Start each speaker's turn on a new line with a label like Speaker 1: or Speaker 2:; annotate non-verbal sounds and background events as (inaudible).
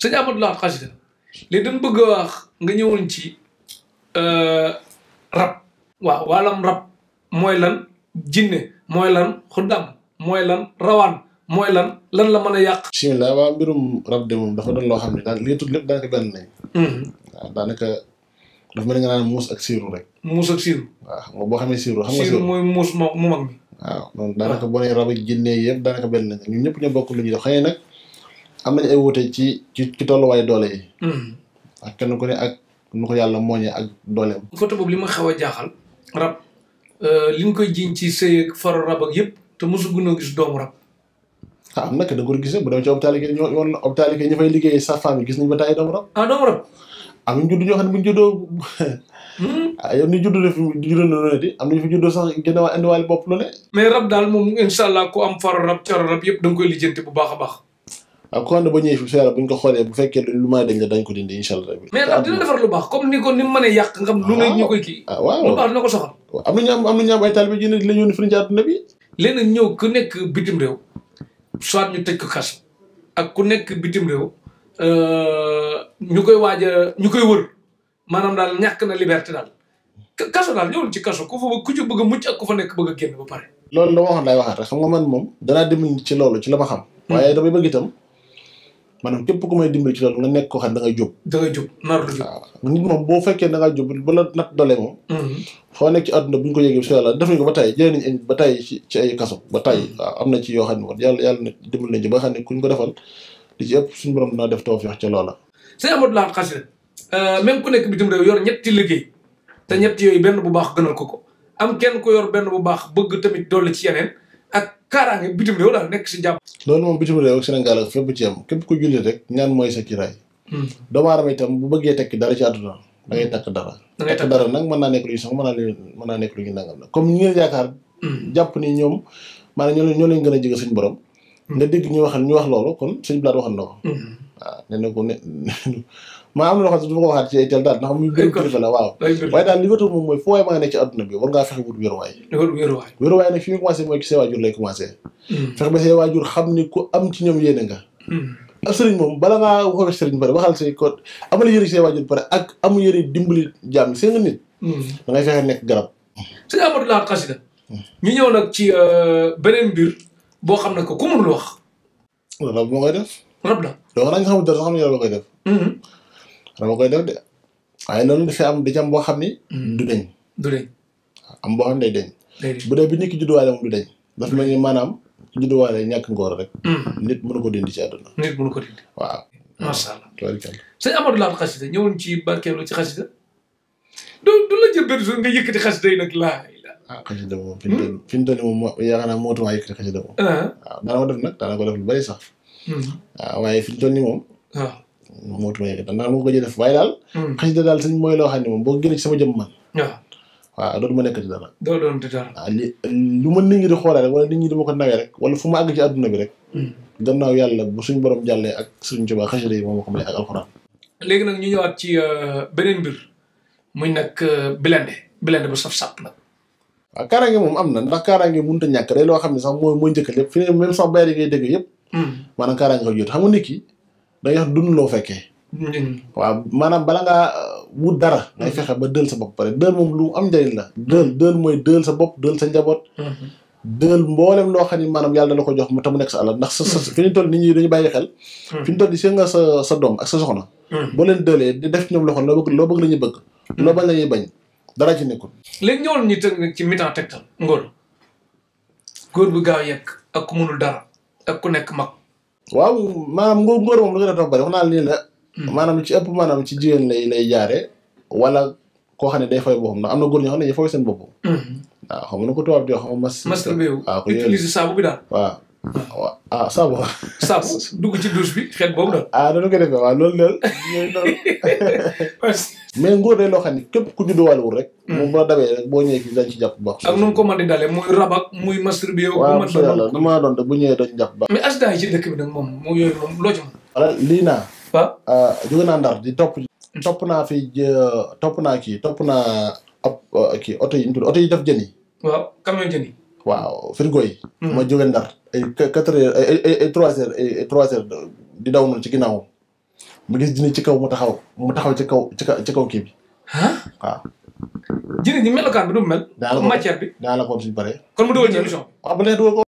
Speaker 1: sëñ Amadou Lahad xasida li dañ bëgg a wax nga ñëwoon ci euh, rab waaw wàllam rab mooy lan jinne mooy lan xuddam
Speaker 2: mooy lan rawaan mooy lan lan la mën a yàq bismillah waaw mbirum rab de moom dafa doon loo xam ne daan li tudd lépp daanaka benn lañ mm-hmm. waaw daanaka dafa mel ni nga naan muus ak siiru rek muus ak siiru xam nga boo siiru xam nga siiru
Speaker 1: mooy muus moo mu mag
Speaker 2: mi waaw noonu daanaka boo nee rab ak jinne yëpp daanaka benn lañ ñëpp ñoo bokk lu ñuy def xëy nag am na ay wuute ci ci ci tolluwaay doole yi. Hmm. kenn ku ne ak nu ko yàlla ak dooleem. côté
Speaker 1: boobu li ma xaw a jaaxal rab euh, li nga koy jiñ ci sëy ak a
Speaker 2: gis doomu rab. ah am na da nga ko gisee sa femme yi gis nañ ba taay doomu rab. ah doomu rab. am ñu judd ñoo xam ne bu ñu juddoo. (laughs) Hmm? (laughs) Ah, yow ni judd na fi judd na juddoo sax gën a bopp lu ne.
Speaker 1: rab daal moom incha allah ku am faru rab caru rab yëpp da nga koy lijjanti bu baax a baax.
Speaker 2: alxuraan ba ñëwee fi bu ñu ko xoolee bu fekkee lu may dañ la dañ ko dindi incha lu
Speaker 1: baax comme ni ko ni mu mënee yàq nga xam lu ne ah. ñu
Speaker 2: ah,
Speaker 1: ko soxal. am am am am ay taalibe ji ne la yónni firi àdduna ñëw ku nekk bitim réew soit ñu tëj ko kaso ak ku nekk bitim réew euh, ñu koy waaj a ñu koy wër maanaam daal ñàkk na liberté daal kaso daal ñëwul ci kaso ku fa ku ci bëgg a ak ku fa nekk bëgg ba pare.
Speaker 2: loolu la waxoon laay waxaat rek xam nga man moom danaa dem ci loolu ci la ma xam. Hmm. waaye damay bëgg itam maanaam képp ku may dimbali ci loolu nga nekk koo xam ne da ngay jóg. da ngay jóg da ngaa jóg ba la nat dolee moom. Mhm. foo nekk ci àdduna bu ñu ko yëgee si yàlla def nañ ci ay kaso ba tey mhm. am na ci yoo xam ne moom yàlla yàlla na dimbali nañ ci ba xam ne kuñ ko defal li ci ëpp suñu borom dinaa def tawfeex ca loola.
Speaker 1: sëñ Amadou Lahad Khassida euh, même ku nekk bitim réew yor ñetti liggéey te ñetti yooyu benn bu baax gënal ko ko am kenn ko yor benn bu baax bëgg tamit dolli ci yeneen
Speaker 2: kaaraange bitim réew daal nekk si jàmm. loolu moom bitim réew ak Sénégal ak fépp ci yam képp ku julli rek ñaan mooy sa kiraay. Hmm. doomu itam bu bëggee tekki dara ci àdduna da hmm. takk dara. da mën naa nekk lu ñu sax mën naa leen mën naa nekk lu ñu nangam nag comme ñi ngeen yaakaar. Hmm. jàpp ni ñoom maanaam ñoo ñoo leen gën a jege suñu borom. nga dégg ñu wax ñu wax loolu kon suñu bilaat waxoon na waaw ah, nee na ko (laughs) maa am na loo xam ne du ma ko waxaat ci ay tel daal ndax muy mbiru kilifa la waaw waaye daal li wétu moom mooy foo maa ne ci adduna bi war ngaa fexe wut wéruwaay wéruwaay wéruwaay nag fi ñu commencé mooy ci say waajur lay commencé hmm. fexe ba say waajur xam ni ku am ci ñoom yéene nga hmm. ak sëriñ moom bala ngaa waxee sëriñ pare waxal say ko amala yëri say waajur seen nga nit hmm. da ngay fexe nekk garab
Speaker 1: sëñ Amadou Lahad Khassida ñu ñëw nag ci euh, beneen
Speaker 2: mbir boo xam ne ko ku mënul wax loolu moo koy def rab la. loolu nag nga xamante ne xam ne koy def. Mm-hmm. dama koy def de waaye noonu dafay am da am boo xam ni. Mm-hmm. du deñ. du deñ am boo xam ne day deñ. bu dee bi ki judduwaale moom du deñ. dafa mel ni mm-hmm. judduwaale ñàkk ngóor rek. nit mënu ko dindi ci àdduna. nit mënu ko dindi. waaw.
Speaker 1: macha ci barkeelu ci xasida du du la
Speaker 2: xasida yi nag laa. ah xasida moom. fi mu toll fi mu toll moom yaakaar naa moo tax maa xasida moom. Uh-huh. bari sax. waaw mm. ah, waaye fi ñu toll nii moom. moo tudd yëkkatan ndax ma ko gëj a def waaye daal. Mm. xasida daal sëñ mooy la xam moom boo génnee ci sama jëm man. waaw waaw dootuma nekkati dara. doo doon di lu ma nit di xoolee rek wala nit ñi di ma ko nawee rek fu ma àgg ci àdduna bi rek. Mm. gannaaw yàlla bu suñ borom jàllee ak suñ Tuubaa xasida yi moom ko may
Speaker 1: léegi nag ñu ñëwaat ci euh, beneen mbir muy nag euh, bilende bilende bu saf sàpp nag.
Speaker 2: waaw kaaraange na ndax kaaraange mënut a ñàkk day loo xam ne sax mooy mooy njëkk lépp fi même sax bayri ngay dégg yëpp maanaam kaaraange ko jot xam nga nit ki da loo fekkee. waaw maanaam bala ngaa uh, wut dara. ngay fexe ba dël sa bopp pare dël moom lu am njëriñ la. dël dël mooy dël sa bopp dël sa njaboot. dël mboolem loo xam ne maanaam yàlla da la ko jox mu tam nekk sa alal ndax sa sa fi ñu sa sa doom ak sa soxna. boo leen dëlee di def ci ñoom loxo loo bëgg loo bëgg la ñuy bëgg. loo bañ la ñuy bañ dara ci nekkul.
Speaker 1: léegi ñëwoon ñu teg ci mi-temps tegtal. ngóor bu gaaw yekk ak ku dara ak ku nekk mag.
Speaker 2: waaw maanaam ngóor ngóor moom lu gën a doon bëri wax la. Hmm. maanaam lu ci ëpp maanaam ci jigéen lay lay jaare wala koo xam ne day fay boppam ndax am na góor ñoo xam ne day fay seen bopp. Hmm. waaw xam nga nu ko tubaab di wax. mas mas la waaw ko saabu bi daal waaw. ah saabu. Ah, saabu dugg ci douche bi xet boobu la. ah noonu koy defee waaw loolu la loolu la. mais ngóor day loo xam ne képp ku juddoo wàlluwul rek. Hmm. moom bu la rek boo ñëwee fii dañ ci jàpp bu baax. ak
Speaker 1: nu ko mën di dalee muy rabak muy masturbé yow. waaw macha
Speaker 2: bu ñëwee dañ ci jàpp bu baax. mais accident
Speaker 1: yi ci dëkk bi moom moom yooyu
Speaker 2: lii naa. waaw ah, jóge naa Ndar di topp. topp naa fi topp naa kii topp naa ab ah, kii oto yi ñu tudd oto yi def jën yi.
Speaker 1: waaw camion jën
Speaker 2: waaw frigo yi. Mm-hmm. ma jóge Ndar ay quatre trois heures ay trois di daw noonu ci ginnaawam mu gis jini ci kaw mu taxaw mu taxaw ci kaw ci kaw ci kaw kii bi. waaw. jini ni melokaan bi du mel. matière bi daanaka daanaka woon suñu bëree. kon mu dugal ci émission. waaw bu nee dugal ko.